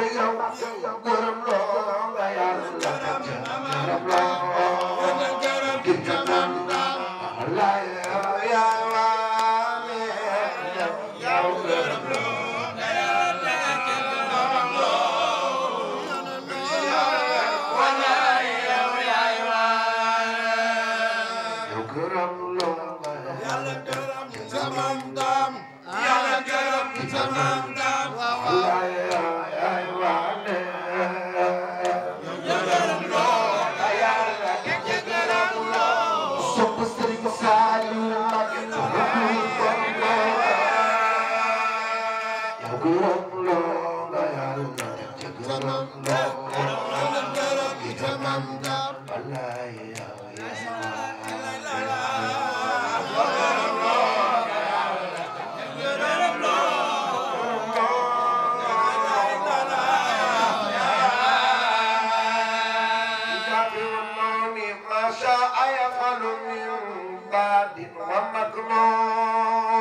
yow للموم ما شاء يفعل من بعد ومكنون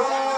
Whoa!